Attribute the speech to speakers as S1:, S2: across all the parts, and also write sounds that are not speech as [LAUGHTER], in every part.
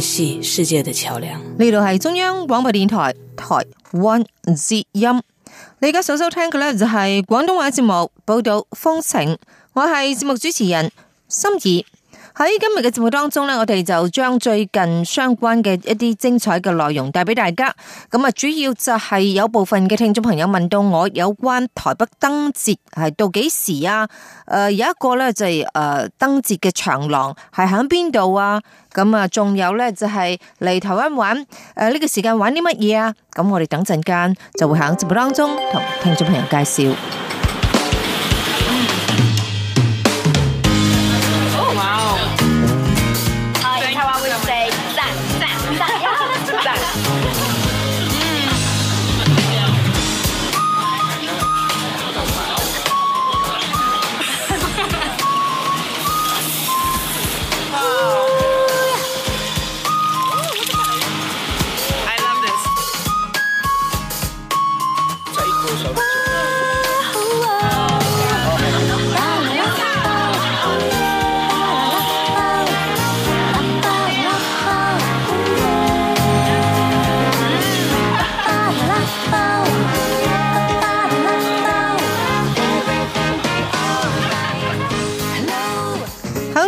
S1: 係世界的橋梁。呢度係中央廣播電台台灣之音。你而家所收聽嘅咧就係廣東話節目報道風情，我係節目主持人心怡。喺今日嘅節目當中咧，我哋就將最近相關嘅一啲精彩嘅內容帶俾大家。咁啊，主要就係有部分嘅聽眾朋友問到我有關台北燈節係到幾時啊？誒，有一個咧就係誒燈節嘅長廊係喺邊度啊？咁啊，仲有咧就係嚟台灣玩誒呢個時間玩啲乜嘢啊？咁我哋等陣間就會喺節目當中同聽眾朋友介紹。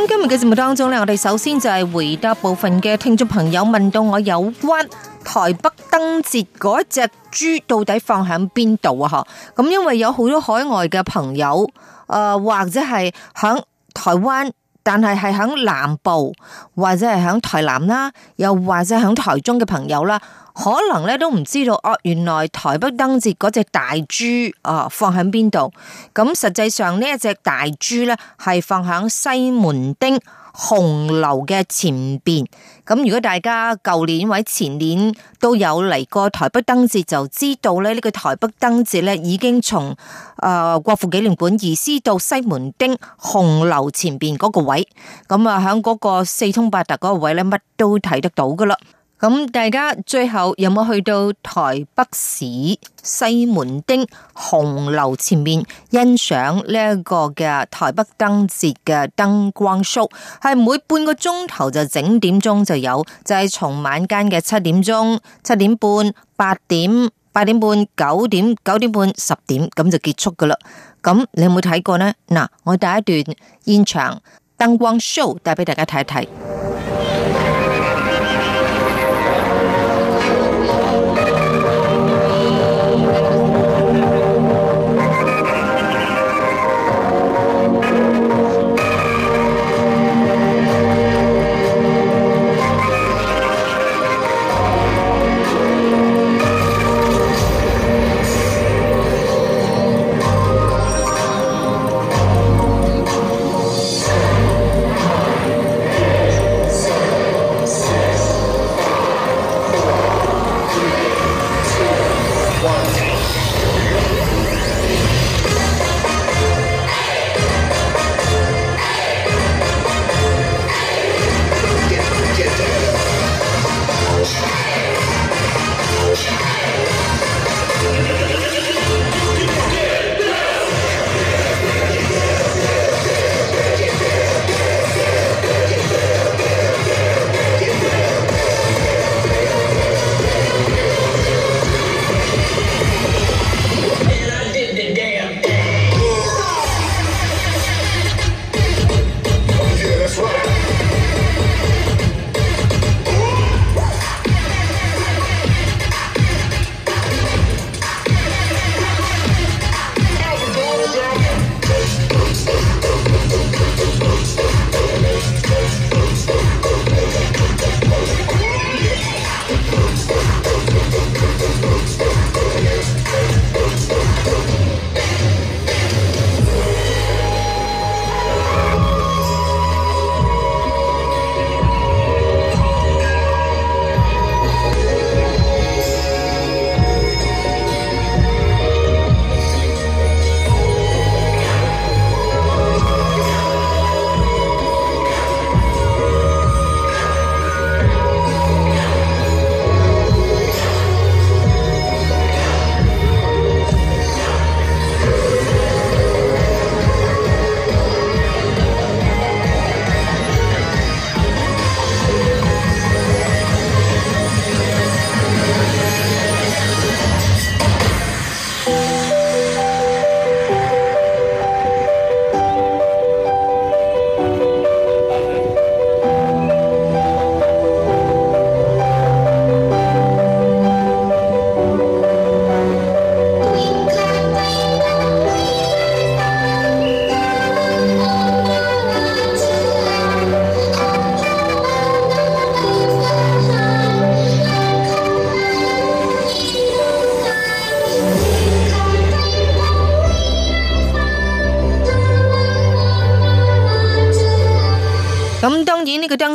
S1: 今日嘅節目當中咧，我哋首先就係回答部分嘅聽眾朋友問到我有關台北燈節嗰隻豬到底放喺邊度啊？嗬，咁因為有好多海外嘅朋友，誒、呃、或者係喺台灣，但係係喺南部或者係喺台南啦，又或者喺台中嘅朋友啦。可能咧都唔知道哦、啊，原來台北燈節嗰隻大豬啊放喺邊度？咁實際上呢一隻大豬呢，係放喺西門町紅樓嘅前邊。咁如果大家舊年或者前年都有嚟過台北燈節，就知道咧呢、這個台北燈節呢，已經從誒、呃、國父紀念館移師到西門町紅樓前邊嗰個位。咁啊喺嗰個四通八達嗰個位呢，乜都睇得到噶啦。咁大家最後有冇去到台北市西門町紅樓前面欣賞呢一個嘅台北燈節嘅燈光 show？係每半個鐘頭就整點鐘就有，就係從晚間嘅七點鐘、七點半、八點、八點半、九點、九點半、十點咁就結束噶啦。咁你有冇睇過呢？嗱，我第一段現場燈光 show 帶俾大家睇一睇。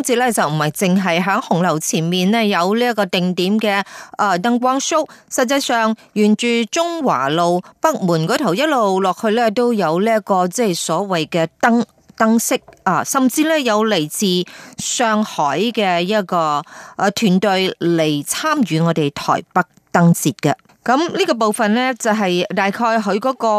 S1: 節咧就唔係淨係喺紅樓前面咧有呢一個定點嘅誒燈光 show，實際上沿住中華路北門嗰頭一路落去咧都有呢一個即係所謂嘅燈燈飾啊，甚至咧有嚟自上海嘅一個誒團隊嚟參與我哋台北燈節嘅。咁呢個部分咧就係、是、大概佢嗰、那個誒、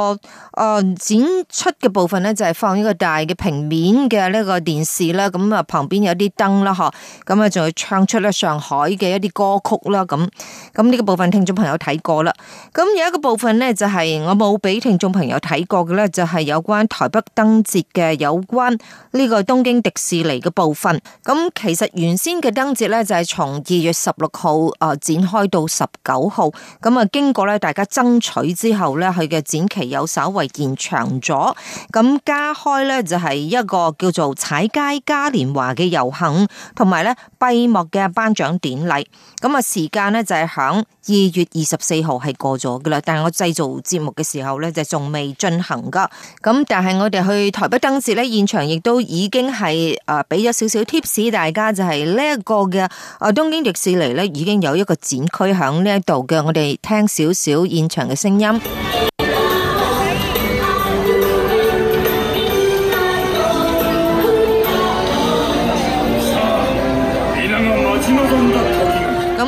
S1: 呃、展出嘅部分咧就係、是、放呢個大嘅平面嘅呢個電視啦，咁啊旁邊有啲燈啦嗬，咁啊仲要唱出咧上海嘅一啲歌曲啦，咁咁呢個部分聽眾朋友睇過啦。咁有一個部分咧就係、是、我冇俾聽眾朋友睇過嘅咧，就係、是、有關台北燈節嘅有關呢個東京迪士尼嘅部分。咁其實原先嘅燈節咧就係從二月十六號誒展開到十九號，咁啊。經過咧，大家爭取之後咧，佢嘅展期有稍為延長咗，咁加開咧就係一個叫做踩街嘉年華嘅遊行，同埋咧閉幕嘅頒獎典禮，咁啊時間咧就係響。二月二十四號係過咗噶啦，但係我製造節目嘅時候呢就仲未進行噶。咁但係我哋去台北燈節呢現場，亦都已經係啊俾咗少少 tips，大家就係呢一個嘅啊東京迪士尼呢已經有一個展區響呢一度嘅，我哋聽少少現場嘅聲音。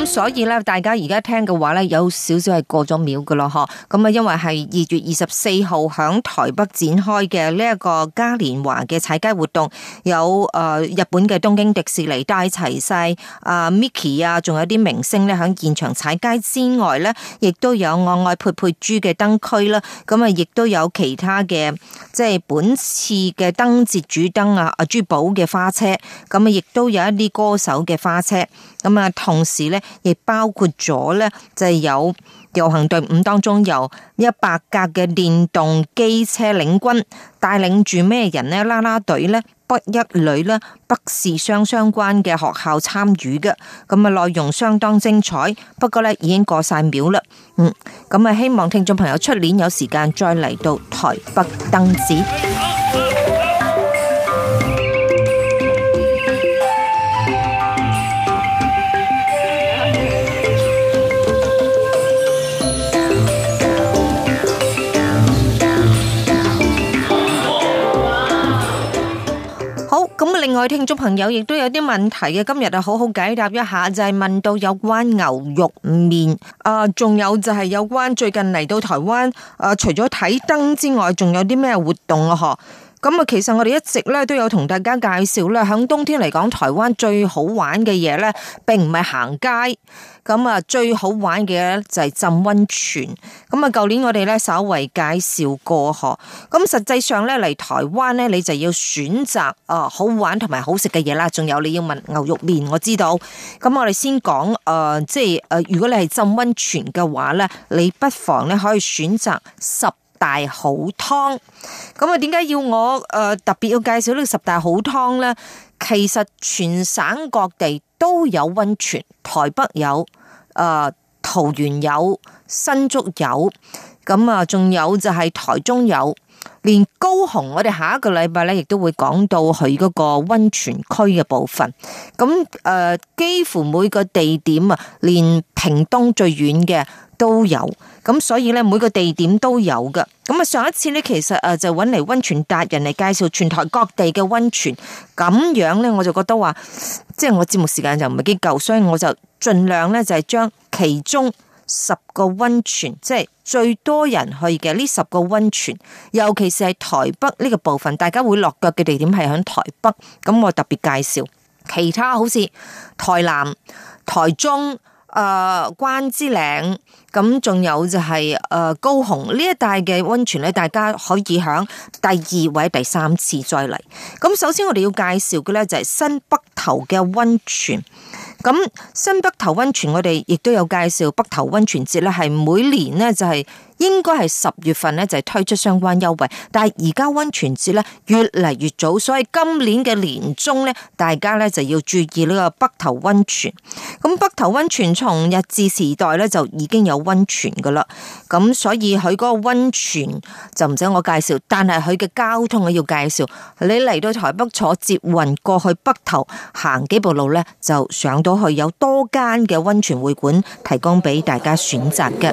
S1: 所以咧，大家而家聽嘅話咧，有少少係過咗秒嘅咯嗬。咁啊，因為係二月二十四號響台北展開嘅呢一個嘉年華嘅踩街活動，有誒日本嘅東京迪士尼帶齊晒啊 Mickey 啊，仲有啲明星咧，響現場踩街之外咧，亦都有我愛佩佩豬嘅燈區啦。咁啊，亦都有其他嘅，即係本次嘅燈節主燈啊，啊珠寶嘅花車，咁啊，亦都有一啲歌手嘅花車。咁啊，同時咧。亦包括咗呢，就係、是、有遊行隊伍當中有一百架嘅電動機車領軍帶領住咩人呢？啦啦隊呢，北一女呢，北士相相關嘅學校參與嘅，咁啊內容相當精彩，不過呢已經過晒秒啦，嗯，咁啊希望聽眾朋友出年有時間再嚟到台北燈節。聽眾朋友亦都有啲問題嘅，今日就好好解答一下，就係、是、問到有關牛肉麵啊，仲有，呃，就係有關最近嚟到台灣啊、呃，除咗睇燈之外，仲有啲咩活動啊？嗬？咁啊，其實我哋一直咧都有同大家介紹咧，喺冬天嚟講，台灣最好玩嘅嘢咧，並唔係行街，咁啊，最好玩嘅咧就係浸溫泉。咁啊，舊年我哋咧稍微介紹過嗬，咁實際上咧嚟台灣咧，你就要選擇啊好玩同埋好食嘅嘢啦。仲有你要問牛肉麵，我知道。咁我哋先講誒、呃，即係誒，如果你係浸溫泉嘅話咧，你不妨咧可以選擇十大好湯，咁啊，點解要我誒特別要介紹呢十大好湯呢？其實全省各地都有温泉，台北有，誒桃園有，新竹有，咁啊，仲有就係台中有。連高雄，我哋下一個禮拜咧，亦都會講到佢嗰個温泉區嘅部分。咁誒，幾乎每個地點啊，連屏東最遠嘅都有。咁所以咧，每個地點都有嘅。咁啊，上一次咧，其實誒就搵嚟温泉達人嚟介紹全台各地嘅温泉。咁樣咧，我就覺得話，即係我節目時間就唔係幾夠，所以我就盡量咧就係將其中。十個溫泉，即係最多人去嘅呢十個溫泉，尤其是係台北呢個部分，大家會落腳嘅地點係響台北。咁我特別介紹，其他好似台南、台中、誒、呃、關子嶺，咁仲有就係、是、誒、呃、高雄這一帶的呢一帶嘅溫泉咧，大家可以響第二位第三次再嚟。咁首先我哋要介紹嘅咧就係、是、新北投嘅溫泉。咁新北投溫泉，我哋亦都有介紹。北投溫泉節咧，係每年咧就係、是。應該係十月份咧就推出相關優惠，但係而家溫泉節咧越嚟越早，所以今年嘅年終咧，大家咧就要注意呢個北投溫泉。咁北投溫泉從日治時代咧就已經有溫泉噶啦，咁所以佢嗰個溫泉就唔使我介紹，但係佢嘅交通我要介紹。你嚟到台北坐捷運過去北投，行幾步路咧就上到去，有多間嘅溫泉會館提供俾大家選擇嘅。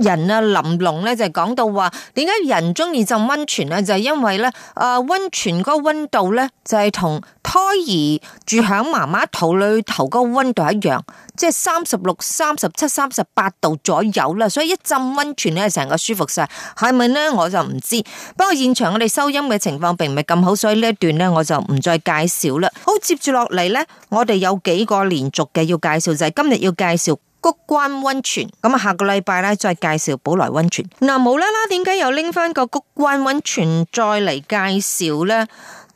S1: 人啊，林龍咧就講到話，點解人中意浸溫泉咧？就係因為咧，啊，溫泉個溫度咧就係同胎兒住響媽媽肚裏頭嗰個溫度一樣，即係三十六、三十七、三十八度左右啦。所以一浸溫泉咧，成個舒服晒。係咪咧？我就唔知。不過現場我哋收音嘅情況並唔係咁好，所以呢一段咧我就唔再介紹啦。好，接住落嚟咧，我哋有幾個連續嘅要介紹，就係今日要介紹。谷關温泉咁啊，下個禮拜咧再介紹寶來温泉。嗱，無啦啦，點解又拎翻個谷關温泉再嚟介紹呢？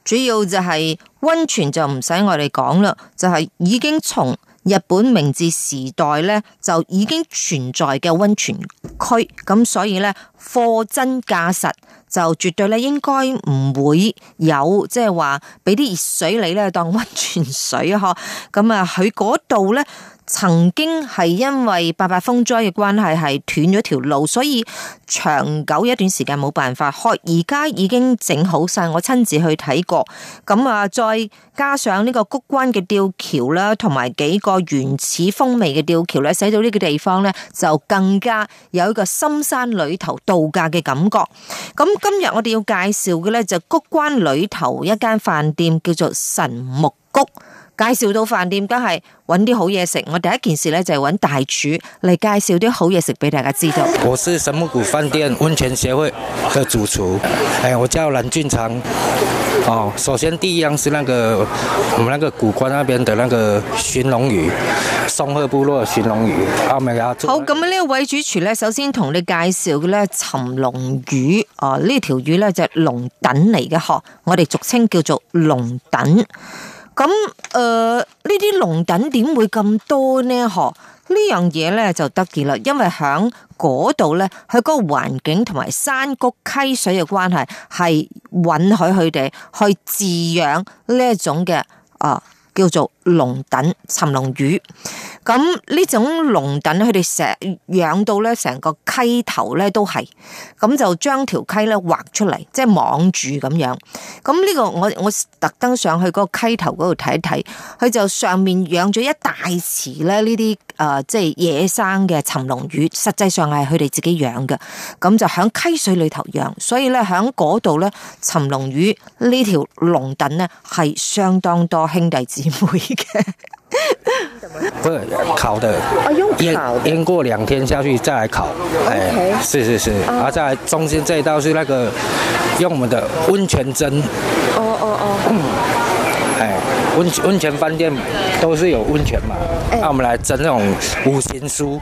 S1: 主要就係温泉就唔使我哋講啦，就係已經從日本明治時代呢，就已經存在嘅温泉區，咁所以呢，貨真價實就絕對咧應該唔會有，即係話俾啲熱水你咧當温泉水嗬。咁啊，佢嗰度呢。曾經係因為八八風災嘅關係，係斷咗條路，所以長久一段時間冇辦法開。而家已經整好晒，我親自去睇過。咁啊，再加上呢個谷關嘅吊橋啦，同埋幾個原始風味嘅吊橋咧，使到呢個地方咧就更加有一個深山裏頭度假嘅感覺。咁今日我哋要介紹嘅咧就是谷關裏頭一間飯店，叫做神木。介紹到飯店，梗係揾啲好嘢食。我第一件事咧就係揾大廚嚟介紹啲好嘢食俾大家知道。
S2: 我是神木谷飯店温泉協會嘅主廚，誒、哎，我叫藍俊昌。哦，首先第一樣是那個我們那個谷關那邊的那個鱘龍魚，松鶴部落鱘龍魚。啱咪㗎？好咁啊，
S1: 呢位主廚咧，首先同你介紹嘅咧鱘龍魚啊，哦、這條魚呢條魚咧就係龍躉嚟嘅，嗬，我哋俗稱叫做龍躉。咁誒，呢啲、呃、龍躉點會咁多呢？嗬，樣呢樣嘢咧就得意啦，因為喺嗰度咧，佢個環境同埋山谷溪水嘅關係係允許佢哋去飼養呢一種嘅啊，叫做龍躉、鱘龍魚。咁呢種龍躉，佢哋成養到咧，成個溪頭咧都係，咁就將條溪咧劃出嚟，即係網住咁樣。咁呢個我我特登上去個溪頭嗰度睇一睇，佢就上面養咗一大池咧呢啲誒，即係野生嘅沉龍魚，實際上係佢哋自己養嘅，咁就喺溪水裏頭養，所以咧喺嗰度咧沉龍魚呢條龍躉咧係相當多兄弟姊妹嘅。 [LAUGHS]
S2: [LAUGHS] 不是，烤的，醃醃過兩天下去再來烤，Okay. 哎，是是是，啊，oh. 再來。中間這一道是那個用我們的溫泉蒸，哦哦哦，哎，溫溫泉飯店。都是有温泉嘛，欸啊？我們來整呢種五行書。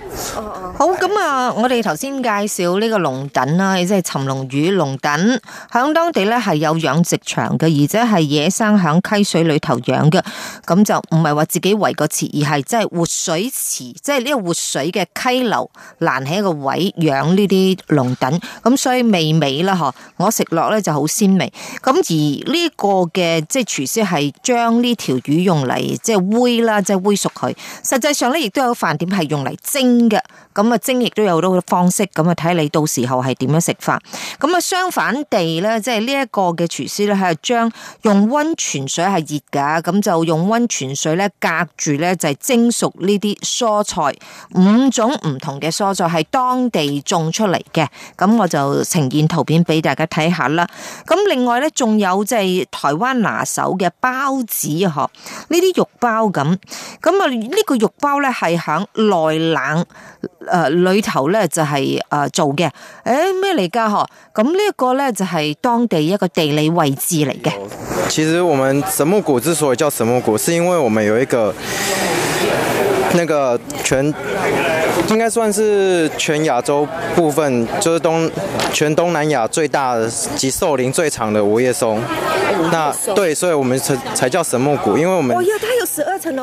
S2: 好，
S1: 咁啊，我哋頭先介紹呢個龍躉啦，即係沉龍魚龍躉，響當地呢係有養殖場嘅，而且係野生響溪水裏頭養嘅，咁就唔係話自己圍個池，而係即係活水池，即係呢個活水嘅溪流攔喺個位養呢啲龍躉，咁所以味美啦嗬，我食落呢就好鮮味。咁而呢個嘅即係廚師係將呢條魚用嚟即係啦，即係煨熟佢。實際上咧，亦都有飯店係用嚟蒸嘅。咁啊，蒸亦都有好多方式。咁啊，睇下你到時候係點樣食法。咁啊，相反地咧，即係呢一個嘅廚師咧，係將用溫泉水係熱噶，咁就用溫泉水咧隔住咧就係蒸熟呢啲蔬菜。五種唔同嘅蔬菜係當地種出嚟嘅。咁我就呈現圖片俾大家睇下啦。咁另外咧，仲有即係台灣拿手嘅包子，嗬呢啲肉包噶。咁啊！呢、嗯、個肉包咧係響內冷誒、呃、裏頭咧就係、是、誒、呃、做嘅。誒咩嚟噶？嗬！咁、嗯這個、呢一個咧就係、是、當地一個地理位置嚟嘅。
S2: 其實我們神木谷之所以叫神木谷，是因為我們有一個那個全應該算是全亞洲部分，就是東全東南亞最大的及樹齡最長的五葉松。那對，所以，我們才才叫神木谷，因為我們。我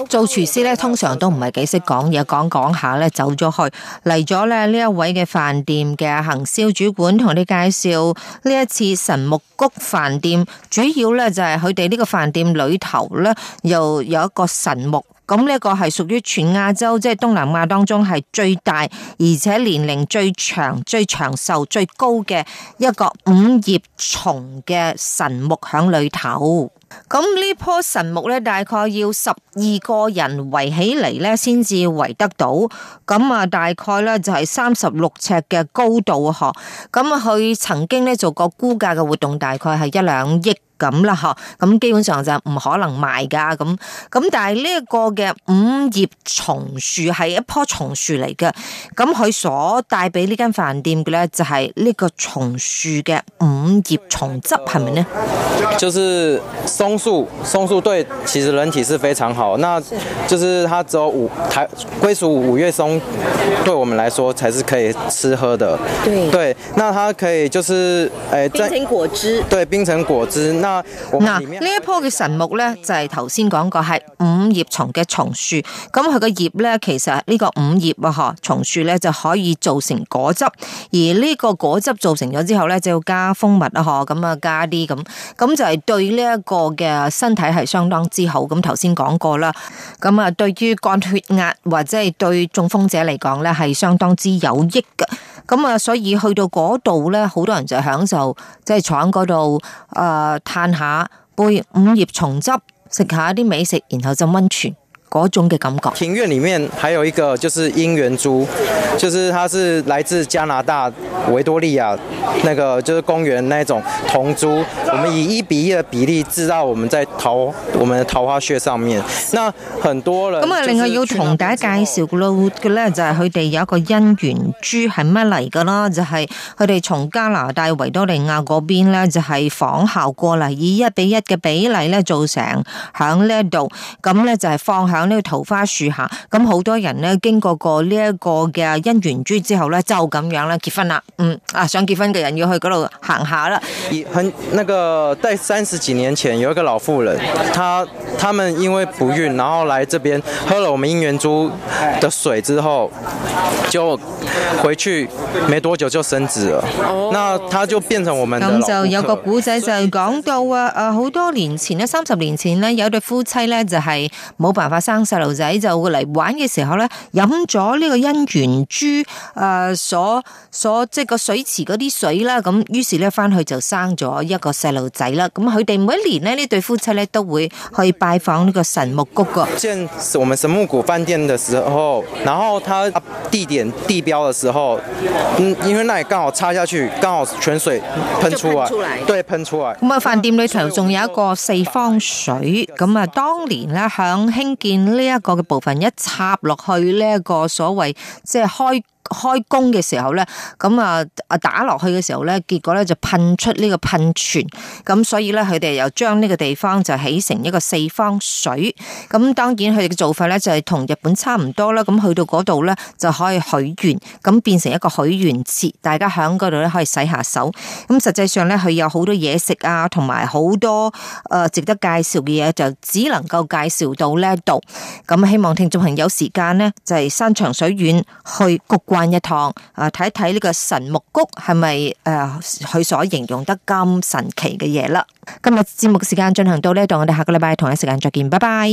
S1: 做廚師咧，通常都唔係幾識講嘢，講講下咧走咗去嚟咗咧，呢一位嘅飯店嘅行銷主管同你介紹呢一次神木谷飯店，主要咧就係佢哋呢個飯店裏頭咧又有一個神木。咁呢個係屬於全亞洲即係、就是、東南亞當中係最大，而且年齡最長、最長壽、最高嘅一個五葉松嘅神木響裏頭。咁呢棵神木咧，大概要十二個人圍起嚟咧，先至圍得到。咁啊，大概咧就係三十六尺嘅高度嗬。咁佢曾經咧做過估價嘅活動，大概係一兩億。咁啦吓，咁基本上就唔可能賣噶咁，咁但係呢個嘅五葉松樹係一棵松樹嚟嘅，咁佢所帶俾呢間飯店嘅咧就係呢個松樹嘅五葉松汁係咪呢？
S2: 就是松樹，松樹對其實人體是非常好，那就是它只有五台歸屬五月松，對我們來說才是可以吃喝的。對，對，那它可以就是誒、欸、冰成果汁，對，冰成果汁。嗱，呢
S1: 一棵嘅神木咧，就係頭先講過係五葉松嘅松樹，咁佢個葉咧，其實呢個五葉啊，嗬，松樹咧就可以做成果汁，而呢個果汁做成咗之後咧，就要加蜂蜜啊，嗬，咁啊加啲咁，咁就係對呢一個嘅身體係相當之好，咁頭先講過啦，咁啊對於降血壓或者係對中風者嚟講咧，係相當之有益噶。咁啊、嗯，所以去到嗰度咧，好多人就享受，即係坐喺嗰度，誒、呃、嘆下杯五葉松汁，食下啲美食，然後浸溫
S2: 泉。嗰種嘅感覺，庭院裏面還有一個就是姻緣珠，就是它是來自加拿大維多利亞那個就是公園那種銅珠，我們以一比一嘅比例製造，我們在桃我們的桃花穴上面。那很多人咁、就、啊、是，另外要同大
S1: 家介紹嘅咯嘅咧，就係佢哋有一個姻緣珠係乜嚟㗎啦？就係佢哋從加拿大維多利亞嗰邊咧，就係仿效過嚟，以一比一嘅比例咧做成響呢一度，咁咧就係放下。喺呢個桃花樹下，咁好多人咧經過過呢一個嘅姻緣珠之後咧，就咁樣咧結婚啦。嗯啊，想結婚嘅人要去嗰度行下啦。
S2: 而很那個，在三十幾年前，有一個老婦人，她他，他們因為不孕，然後來這邊喝了我們姻緣珠的水之後，就回去沒多久就生子了。那他就變成我們咁就有個
S1: 古仔就講到啊啊，呃、好多年前咧，三十年前咧，有對夫妻咧就係冇辦法。生細路仔就會嚟玩嘅時候咧，飲咗呢個姻緣珠誒、呃、所所即係個水池嗰啲水啦，咁於是咧翻去就生咗一個細路仔啦。咁佢哋每一年呢，呢對夫妻咧都會去拜訪呢個神木谷個。即
S2: 係我們神木谷飯店嘅時候，然後它地點地標嘅時候，嗯，因為那裡剛好插下去，剛好泉水噴出來，對，噴出來。咁啊，
S1: 出來飯店裏頭仲有一個四方水，咁啊，當年咧響興建。呢一個嘅部分一插落去呢一個所謂即係開。開工嘅時候咧，咁啊啊打落去嘅時候咧，結果咧就噴出呢個噴泉，咁所以咧佢哋又將呢個地方就起成一個四方水，咁當然佢哋嘅做法咧就係同日本差唔多啦，咁去到嗰度咧就可以許願，咁變成一個許願池，大家喺嗰度咧可以洗下手，咁實際上咧佢有好多嘢食啊，同埋好多誒值得介紹嘅嘢就只能夠介紹到呢一度，咁希望聽眾朋友時間咧就係、是、山長水遠去焗。翻一趟啊，睇一睇呢個神木谷係咪誒，佢所形容得咁神奇嘅嘢啦。今日節目時間進行到呢度，我哋下個禮拜同一時間再見，拜拜。